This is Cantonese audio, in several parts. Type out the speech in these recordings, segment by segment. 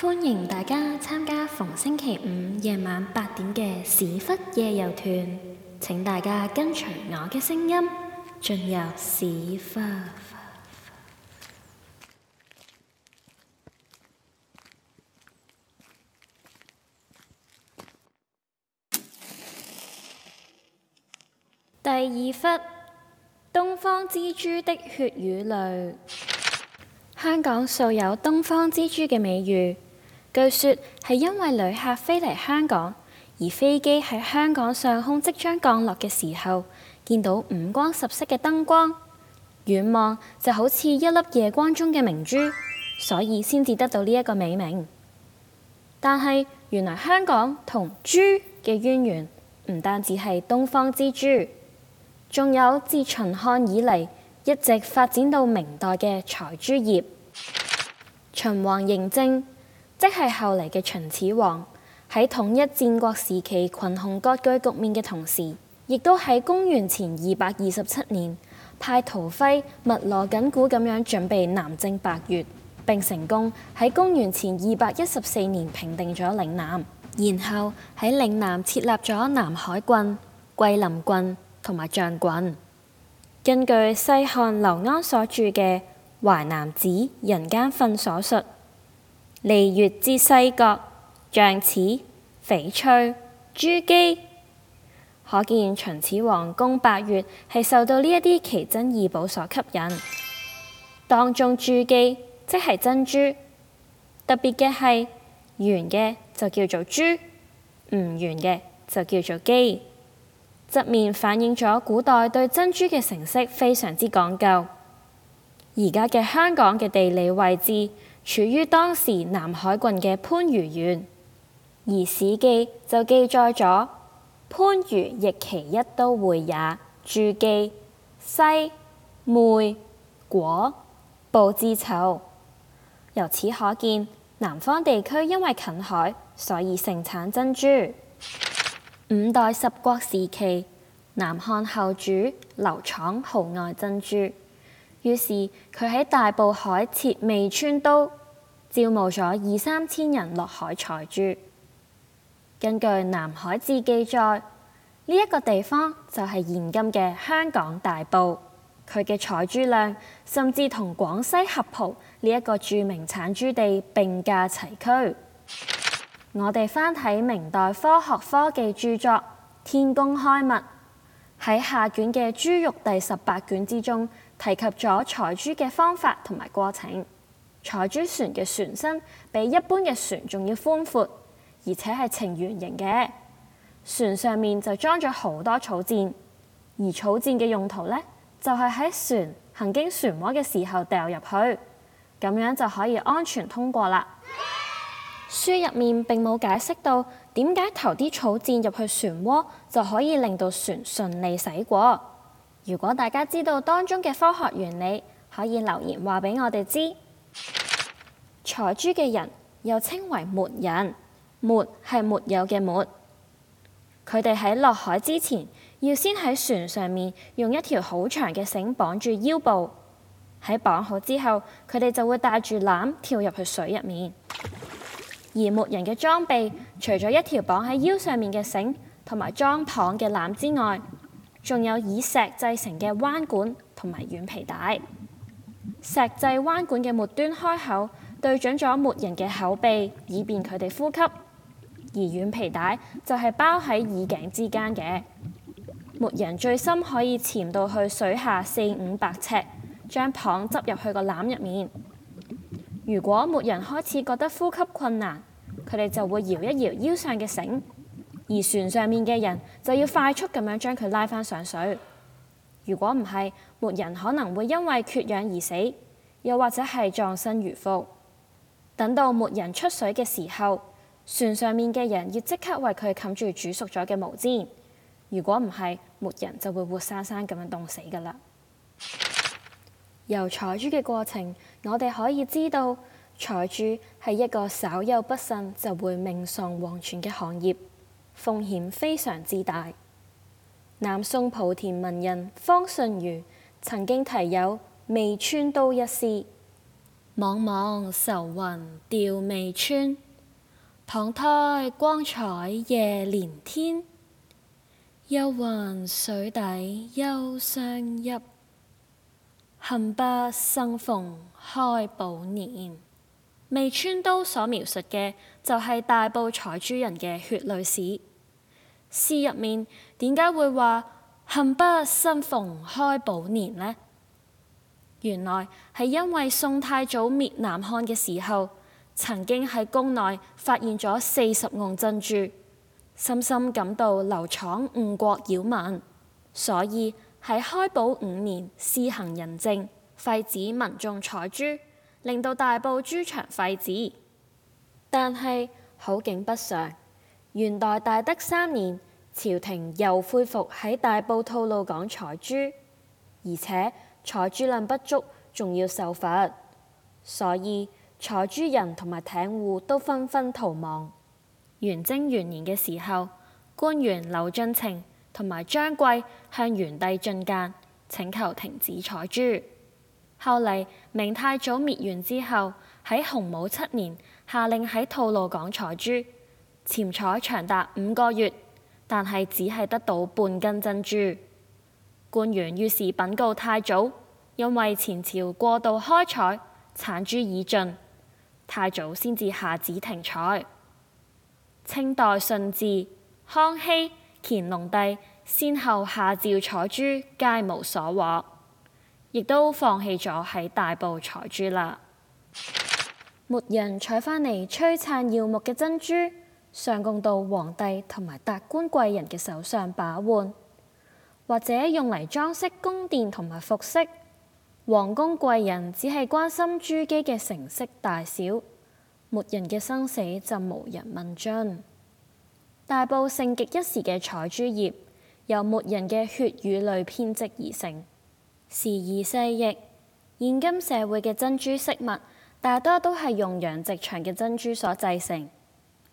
歡迎大家參加逢星期五晚夜晚八點嘅史窟夜遊團。請大家跟隨我嘅聲音進入史窟。第二窟，東方之珠的血與淚。香港素有東方之珠嘅美譽。據說係因為旅客飛嚟香港，而飛機喺香港上空即將降落嘅時候，見到五光十色嘅燈光，遠望就好似一粒夜光中嘅明珠，所以先至得到呢一個美名。但係原來香港同珠嘅淵源，唔單止係東方之珠，仲有自秦漢以嚟一直發展到明代嘅採珠業。秦王嬴政。即係後嚟嘅秦始皇喺統一戰國時期群雄割據局面嘅同時，亦都喺公元前二百二十七年派屠輝，密鑼緊鼓咁樣準備南征百越，並成功喺公元前二百一十四年平定咗嶺南，然後喺嶺南設立咗南海郡、桂林郡同埋象郡。根據西漢劉安所著嘅《淮南子·人間訓》所述。利越之犀角，象齒、翡翠、珠璣，可見秦始皇攻百越係受到呢一啲奇珍異寶所吸引。當中珠璣，即係珍珠。特別嘅係圓嘅就叫做珠，唔圓嘅就叫做璣。側面反映咗古代對珍珠嘅成色非常之講究。而家嘅香港嘅地理位置。處於當時南海郡嘅番禺縣，而《史記》就記載咗番禺亦其一都會也。珠璣、犀、瑇瑁、果布之湊，由此可見南方地區因為近海，所以盛產珍珠。五代十國時期，南漢後主劉鋹酷愛珍珠，於是佢喺大埔海設媚川都。招募咗二三千人落海採珠。根據《南海志》記載，呢、這、一個地方就係現今嘅香港大埔，佢嘅採珠量甚至同廣西合浦呢一個著名產珠地並駕齊驅。我哋翻睇明代科學科技著作《天工開物》，喺下卷嘅豬肉第十八卷之中，提及咗採珠嘅方法同埋過程。採珠船嘅船身比一般嘅船仲要寬闊，而且係呈圓形嘅。船上面就裝咗好多草箭，而草箭嘅用途咧就係、是、喺船行經漩渦嘅時候掉入去，咁樣就可以安全通過啦。書入面並冇解釋到點解投啲草箭入去漩渦就可以令到船順利駛過。如果大家知道當中嘅科學原理，可以留言話俾我哋知。採珠嘅人又稱為沒人，沒係沒有嘅沒，佢哋喺落海之前，要先喺船上面用一條好長嘅繩綁住腰部。喺綁好之後，佢哋就會帶住籃跳入去水入面。而沒人嘅裝備，除咗一條綁喺腰上面嘅繩同埋裝蚌嘅籃之外，仲有以石製成嘅彎管同埋軟皮帶。石製彎管嘅末端開口，對準咗沒人嘅口鼻，以便佢哋呼吸；而軟皮帶就係包喺耳頸之間嘅。沒人最深可以潛到去水下四五百尺，將蚌執入去個籃入面。如果沒人開始覺得呼吸困難，佢哋就會搖一搖腰上嘅繩，而船上面嘅人就要快速咁樣將佢拉翻上水。如果唔係，沒人可能會因為缺氧而死，又或者係葬身魚腹。等到沒人出水嘅時候，船上面嘅人要即刻為佢冚住煮熟咗嘅毛氈。如果唔係，沒人就會活生生咁樣凍死㗎喇。 由採珠嘅過程，我哋可以知道，採珠係一個稍有不慎就會命喪黃泉嘅行業，風險非常之大。南宋莆田文人方信孺曾經提有《媚川都》一詩。茫茫愁雲吊媚川，蚌胎光彩夜連天。幽魂水底休相泣，恨不生逢開寶年。媚川都所描述嘅就係大埔採珠人嘅血淚史。詩入面點解會話恨不生逢開寶年呢？原來係因為宋太祖滅南漢嘅時候，曾經喺宮內發現咗四十甕珍珠，深深感到流廠誤國擾民，所以係開寶五年施行仁政，廢止民眾採珠，令到大埔珠場廢止。但係好景不常，元代大德三年，朝廷又恢復喺大埔吐露港採珠，而且，採珠量不足，仲要受罰，所以採珠人同埋艇戶都紛紛逃亡。元貞元年嘅時候，官員劉俊情同埋張貴向元帝進諫，請求停止採珠。後嚟明太祖滅元之後，喺洪武七年下令喺吐露港採珠，潛採長達五個月，但係只係得到半斤珍珠。官員於是禀告太祖，因為前朝過度開採，產珠已盡，太祖先至下旨停採。清代順治、康熙、乾隆帝，先後下詔採珠，皆無所獲，亦都放棄咗喺大埔採珠啦。冇人採返嚟璀璨耀目嘅珍珠，上供到皇帝同埋達官貴人嘅手上把玩。或者用嚟裝飾宮殿同埋服飾，皇宮貴人只係關心珠璣嘅成色大小，沒人嘅生死就無人問津。大埔盛極一時嘅採珠業，由沒人嘅血與淚編織而成，時移世易。現今社會嘅珍珠飾物，大多都係用養殖場嘅珍珠所製成。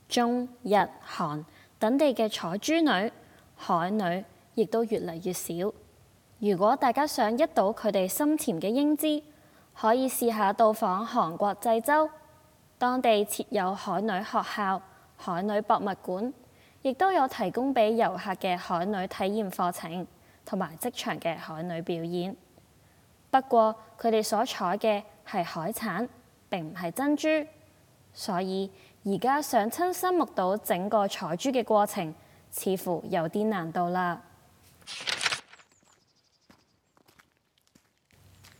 中日韓等地嘅採珠女、海女，亦都越嚟越少。如果大家想一睹佢哋深潛嘅英姿，可以試下到訪韓國濟州，當地設有海女學校、海女博物館，亦都有提供俾遊客嘅海女體驗課程同埋即場嘅海女表演。不過佢哋所採嘅係海產，並唔係珍珠，所以而家想親身目睹整個採珠嘅過程，似乎有啲難度啦。